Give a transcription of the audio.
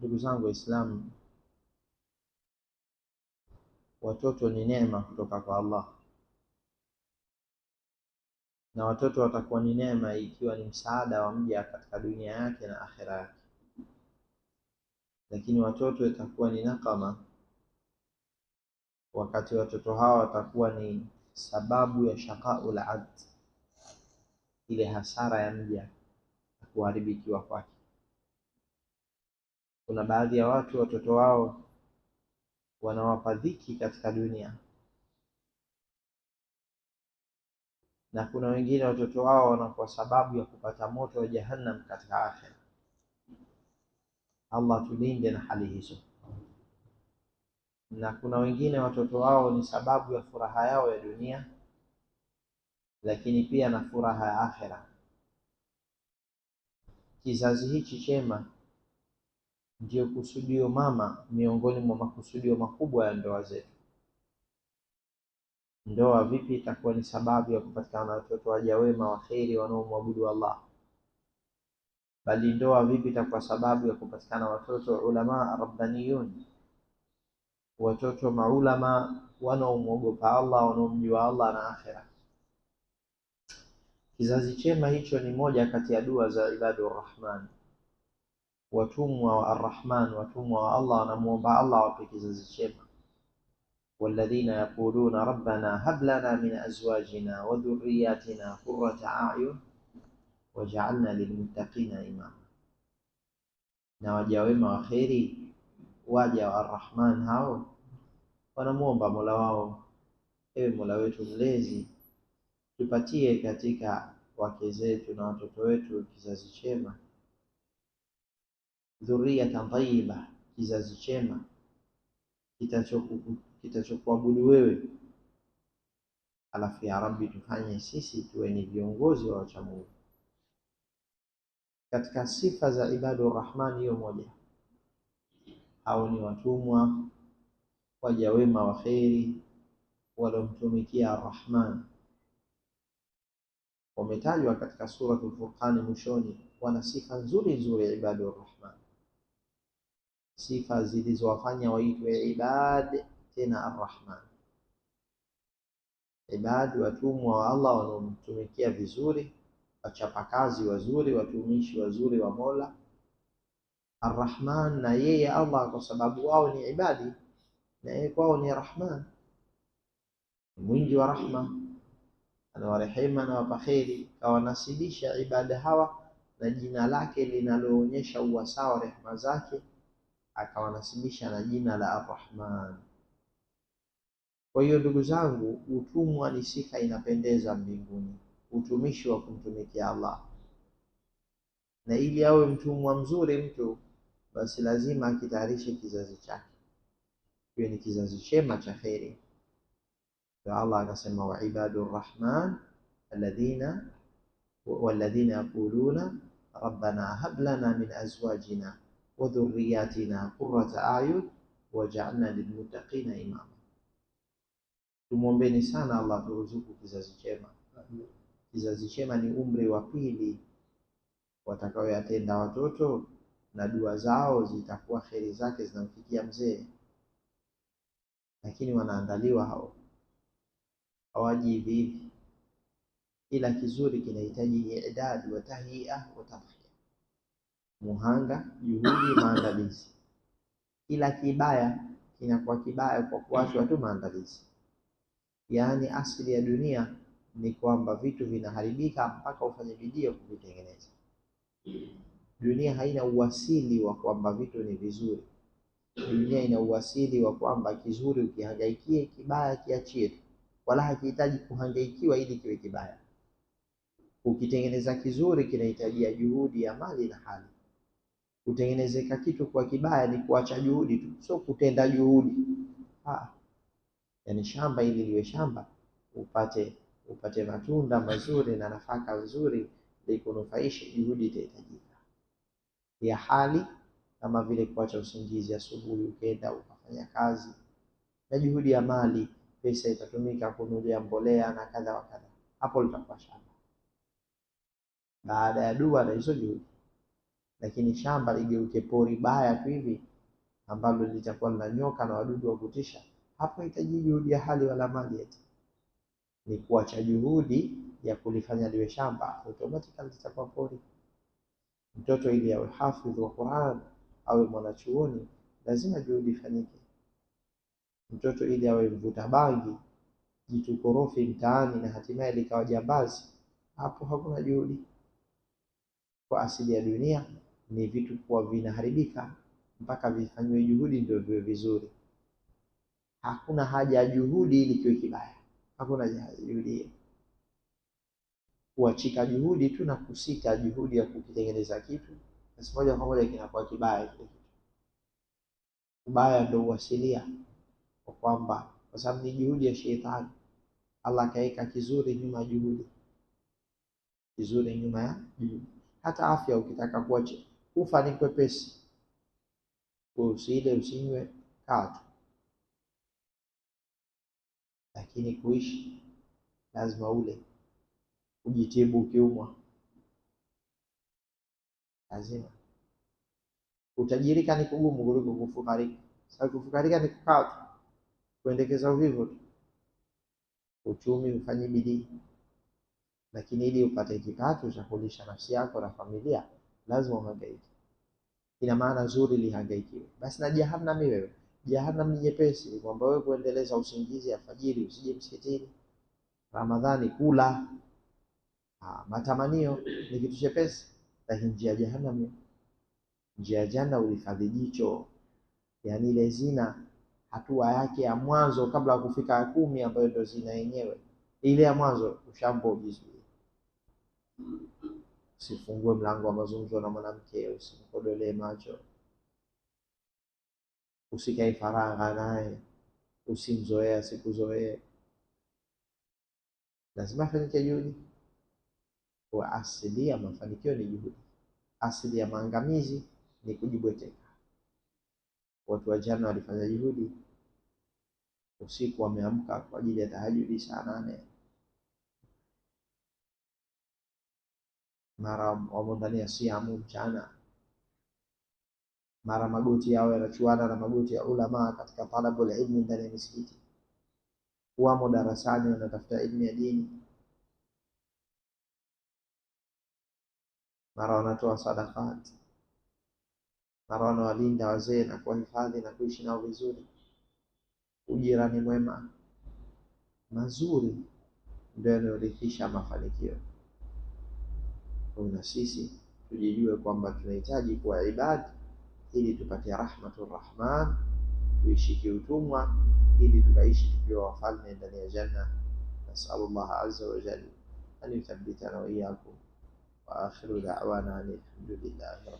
Ndugu zangu Waislamu, watoto ni neema kutoka kwa Allah, na watoto watakuwa ni neema ikiwa ni msaada wa mja katika dunia yake na akhera yake, lakini watoto itakuwa ni nakama wakati watoto hawa watakuwa ni sababu ya shaqaul abd, ile hasara ya mja kuharibikiwa kwake. Kuna baadhi ya watu watoto wao wanawapa dhiki katika dunia, na kuna wengine watoto wao wanakuwa sababu ya kupata moto wa Jahannam katika akhera. Allah tulinde na hali hizo. Na kuna wengine watoto wao ni sababu ya furaha yao ya dunia, lakini pia na furaha ya akhera. Kizazi hichi chema ndiyo kusudio mama miongoni mwa makusudio makubwa ya ndoa zetu. Ndoa vipi itakuwa ni sababu ya kupatikana watoto waja wema waheri wanaomwabudu Allah, bali ndoa vipi itakuwa sababu ya kupatikana watoto ulama rabbaniyun, watoto maulama wanaomwogopa Allah, wanaomjua Allah na akhira. Kizazi chema hicho ni moja kati ya dua za ibadu Rahman watumwa wa Arrahman, watumwa wa Allah, wanamuomba Allah wape kizazi chema. walladhina yaquluna rabbana hab lana min azwajina wa dhurriyatina qurrata a'yun waj'alna lilmuttaqina imama, na waja wema wa kheri, waja wa Arrahman hao wanamwomba mola wao, ewe mola wetu mlezi, tupatie katika wake zetu na watoto wetu kizazi chema dhuriyatan tayyiba, kizazi chema kitachokuabudu wewe. Alafu ya Rabbi, tufanye sisi tuwe ni viongozi wa wachamungu. Katika sifa za ibadu rahman, hiyo moja. Hao ni watumwa waja wema wa kheri waliomtumikia Arrahman, wametajwa katika Suratul Furqani mwishoni, wana sifa nzuri nzuri ibadu rahman sifa zilizowafanya waitwe ibad, tena arrahman. Ibad, watumwa wa Allah wanaomtumikia vizuri, wachapakazi wazuri, watumishi wazuri wa Mola. Arrahman, na yeye Allah kwa sababu wao ni ibadi na yeye kwao ni rahman, mwingi wa rahma, anawarehema na wapaheri. Kawanasibisha ibada hawa na jina lake linaloonyesha uwasawa rehema zake akawanasibisha na jina la Arrahman. Kwa hiyo ndugu zangu, utumwa ni sifa inapendeza mbinguni, utumishi wa kumtumikia Allah. Na ili awe mtumwa mzuri mtu, basi lazima akitayarishe kizazi chake kiwe ni kizazi chema cha kheri. Ndio Allah akasema, wa ibadu rrahman walladhina yaquluna rabbana hab lana min azwajina wa dhurriyatina qurrata ayun waj'alna lilmuttaqina imama. Tumwombeni sana Allah turuzuku kizazi chema. Kizazi chema ni umri wa pili watakaoyatenda watoto na dua zao zitakuwa kheri zake zinamfikia mzee, lakini wanaandaliwa hao, hawaji hivi hivi. Kila kizuri kinahitaji idadi wa tahia wa muhanga, juhudi, maandalizi. Kila kibaya kinakuwa kibaya kwa kuachwa tu maandalizi. Yaani asili ya dunia ni kwamba vitu vinaharibika mpaka ufanye bidii ya kuvitengeneza. Dunia haina uasili wa kwamba vitu ni vizuri. Dunia ina uasili wa kwamba kizuri ukihangaikie, kibaya kiachie tu, wala hakihitaji kuhangaikiwa ili kiwe kibaya. Ukitengeneza kizuri kinahitajia juhudi ya mali na hali Kutengenezeka kitu kwa kibaya ni kuacha juhudi tu, sio kutenda juhudi. Ah, yani shamba ili liwe shamba upate upate matunda mazuri na nafaka nzuri ikunufaishe, juhudi itahitajika ya hali kama vile kuacha usingizi asubuhi, ukenda ukafanya kazi, na juhudi ya mali, pesa itatumika kununulia mbolea na kadha wa kadha, hapo litakuwa shamba baada ya dua na hizo juhudi lakini shamba ligeuke pori baya tu hivi ambalo litakuwa na nyoka na wadudu wa kutisha, hapo hitaji juhudi ya hali wala mali, eti ni kuacha juhudi ya kulifanya liwe shamba, automatically litakuwa pori. Mtoto ili awe hafidh wa Qur'an, awe mwanachuoni, lazima juhudi ifanyike. Mtoto ili awe mvuta bangi, jitu korofi mtaani, na hatimaye likawa jambazi, hapo hakuna juhudi. Kwa asili ya dunia ni vitu kuwa vinaharibika mpaka vifanywe juhudi ndio viwe vizuri. Hakuna haja ya juhudi ili kiwe kibaya, hakuna haja ya juhudi Kuachika juhudi tu na kusita juhudi ya kukitengeneza kitu, basi moja kwa moja kinakuwa kibaya kile kitu. Ubaya ndio uasilia kwa kwamba, kwa sababu ni juhudi ya Sheitani. Allah akaweka kizuri nyuma ya juhudi, kizuri nyuma ya juhudi. Hata afya ukitaka kuacha ufanyike pesi, usiile, usinywe, kaa tu. Lakini kuishi lazima ule, ujitibu ukiumwa, lazima. utajirika ni kugumu kuliko kufukarika, sababu kufukarika ni kukaa tu, kuendekeza uvivu tu. Uchumi ufanye bidii, lakini ili upate kipato cha kulisha nafsi yako na familia lazima uhangaike. Ina maana zuri lihangaikiwe. Basi na jahannam wewe, jahannam ni nyepesi, ni kwamba wewe kuendeleza usingizi alfajiri, usije msikitini, Ramadhani kula, ha, ah, matamanio ni kitu chepesi, lakini njia ya jahannam, njia ya janna ulifadhi jicho, yani ile zina hatua yake ya mwanzo kabla ya kufika ya kumi ambayo ndio zina yenyewe, ile ya mwanzo ushambo ujizuia Usifungue mlango wa mazungumzo na mwanamke, usimkodolee macho, usikae faragha naye, usimzoee asikuzoee. Lazima afanyike juhudi. Kwa asili ya mafanikio ni juhudi, asili ya maangamizi ni kujibweteka. Watu wa jana walifanya juhudi, usiku wameamka kwa ajili ya tahajudi saa nane mara wamo ndani ya siamu mchana, mara magoti yao yanachuana na magoti ya ulama katika la ilmu ndani ya misikiti, wamo darasani wanatafuta ilmu ya dini, mara wanatoa sadakati, mara wanawalinda wazee na kuwahifadhi na kuishi nao vizuri, ujirani mwema. Mazuri ndio yanayorithisha mafanikio. na sisi tujijue kwamba tunahitaji kuwa ibadi ili tupate rahmatur rahman, tuishi kiutumwa ili tukaishi tukiwa wafalme ndani ya janna. Nasalu llaha azza wa jalla an yuthabbitana wa iyyakum wa akhiru da'wana alhamdulillahi